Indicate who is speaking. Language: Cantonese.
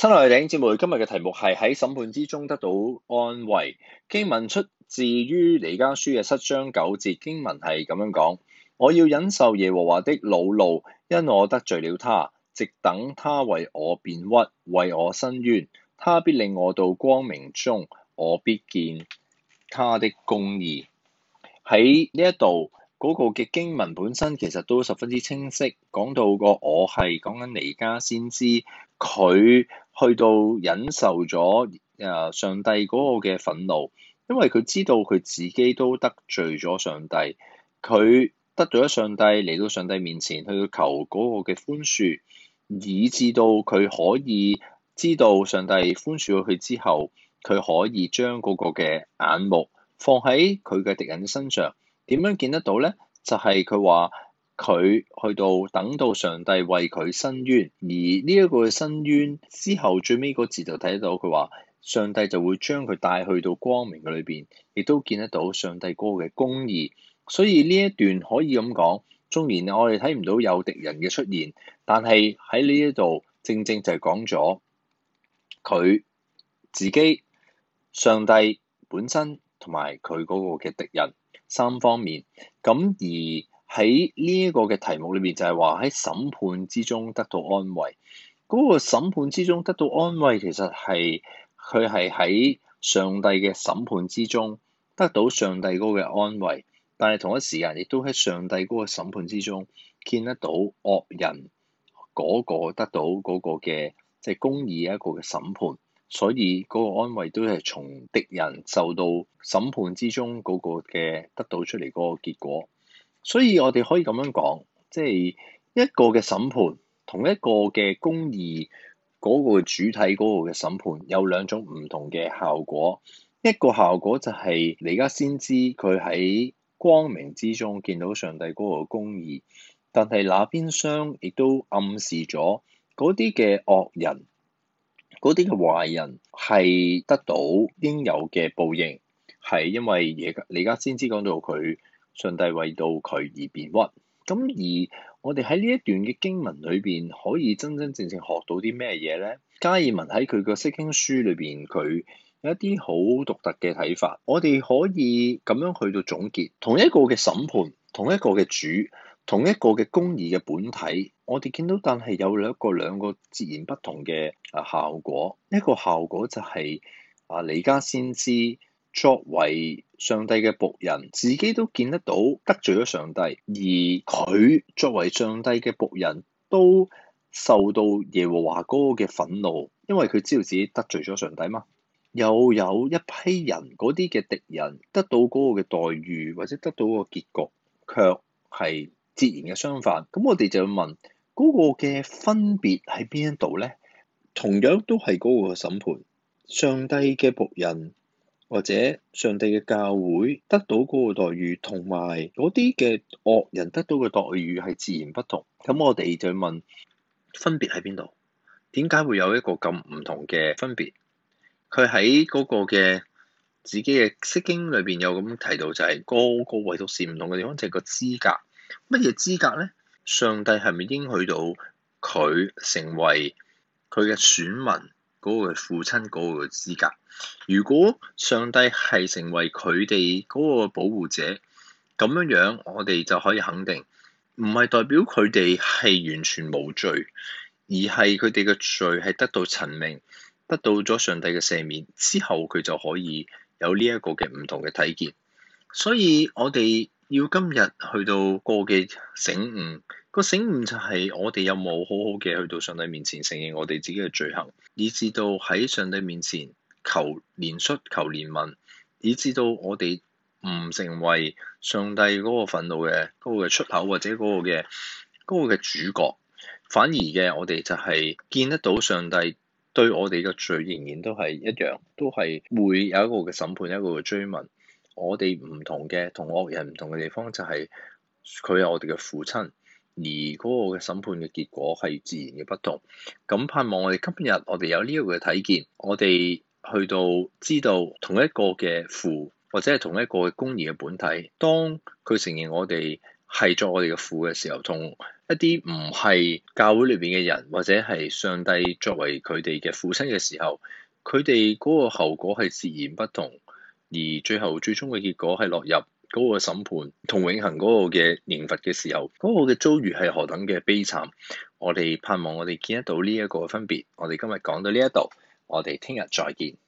Speaker 1: 親愛嘅弟目，今日嘅題目係喺審判之中得到安慰。經文出自於彌迦書嘅七章九節，經文係咁樣講：我要忍受耶和華的惱怒，因我得罪了他；直等他為我辨屈，為我伸冤，他必令我到光明中，我必見他的公義。喺呢一度，嗰、嗰個嘅經文本身其實都十分之清晰，講到個我係講緊彌迦先知佢。去到忍受咗誒上帝嗰個嘅憤怒，因為佢知道佢自己都得罪咗上帝，佢得罪咗上帝嚟到上帝面前去求嗰個嘅寬恕，以至到佢可以知道上帝寬恕咗佢之後，佢可以將嗰個嘅眼目放喺佢嘅敵人身上，點樣見得到咧？就係佢話。佢去到等到上帝為佢申冤，而呢一個嘅申冤之後，最尾嗰字就睇得到佢話，上帝就會將佢帶去到光明嘅裏邊，亦都見得到上帝嗰個嘅公義，所以呢一段可以咁講，縱然我哋睇唔到有敵人嘅出現，但係喺呢一度正正就係講咗佢自己、上帝本身同埋佢嗰個嘅敵人三方面咁而。喺呢一個嘅題目裏面，就係話喺審判之中得到安慰。嗰個審判之中得到安慰，其實係佢係喺上帝嘅審判之中得到上帝嗰個嘅安慰，但係同一時間亦都喺上帝嗰個審判之中見得到惡人嗰個得到嗰個嘅即係公義一個嘅審判。所以嗰個安慰都係從敵人受到審判之中嗰個嘅得到出嚟嗰個結果。所以我哋可以咁樣講，即係一個嘅審判，同一個嘅公義嗰個主體嗰個嘅審判有兩種唔同嘅效果。一個效果就係你而家先知佢喺光明之中見到上帝嗰個公義，但係那邊廂亦都暗示咗嗰啲嘅惡人，嗰啲嘅壞人係得到應有嘅報應，係因為而家你而家先知講到佢。上帝為到佢而變屈。咁而我哋喺呢一段嘅經文裏邊，可以真真正正學到啲咩嘢咧？加爾文喺佢個《釋經書裡面》裏邊，佢有一啲好獨特嘅睇法。我哋可以咁樣去到總結同一個嘅審判，同一個嘅主，同一個嘅公義嘅本體。我哋見到，但係有兩個兩個截然不同嘅啊效果。一個效果就係、是、啊，你家先知作為。上帝嘅僕人自己都見得到得罪咗上帝，而佢作為上帝嘅僕人都受到耶和華哥嘅憤怒，因為佢知道自己得罪咗上帝嘛。又有一批人嗰啲嘅敵人得到嗰個嘅待遇或者得到個結局，卻係截然嘅相反。咁我哋就要問嗰個嘅分別喺邊一度咧？同樣都係嗰個審判，上帝嘅僕人。或者上帝嘅教會得到嗰個待遇，同埋嗰啲嘅惡人得到嘅待遇係自然不同。咁我哋就問，分別喺邊度？點解會有一個咁唔同嘅分別？佢喺嗰個嘅自己嘅《聖經》裏邊有咁提到，就係、是、嗰個唯獨是唔同嘅地方，就係、是、個資格。乜嘢資格咧？上帝係咪應許到佢成為佢嘅選民？嗰個父親嗰、嗰個資格，如果上帝係成為佢哋嗰個保護者，咁樣樣我哋就可以肯定，唔係代表佢哋係完全無罪，而係佢哋嘅罪係得到陳明，得到咗上帝嘅赦免之後，佢就可以有呢一個嘅唔同嘅體驗，所以我哋要今日去到過嘅醒悟，個醒悟就係我哋有冇好好嘅去到上帝面前承認我哋自己嘅罪行，以至到喺上帝面前求憐恤、求憐憫，以至到我哋唔成為上帝嗰個憤怒嘅嗰嘅出口或者嗰嘅嗰個嘅、嗰個、主角，反而嘅我哋就係見得到上帝對我哋嘅罪仍然都係一樣，都係會有一個嘅審判、一個嘅追問。我哋唔同嘅，同惡人唔同嘅地方就係佢係我哋嘅父親，而嗰個嘅審判嘅結果係自然嘅不同。咁盼望我哋今日我哋有呢一個嘅體見，我哋去到知道同一個嘅父或者係同一個嘅公義嘅本體，當佢承認我哋係作我哋嘅父嘅時候，同一啲唔係教會裏邊嘅人或者係上帝作為佢哋嘅父親嘅時候，佢哋嗰個後果係自然不同。而最後最終嘅結果係落入嗰個審判同永恆嗰個嘅刑罰嘅時候，嗰個嘅遭遇係何等嘅悲慘！我哋盼望我哋見得到呢一個嘅分別。我哋今日講到呢一度，我哋聽日再見。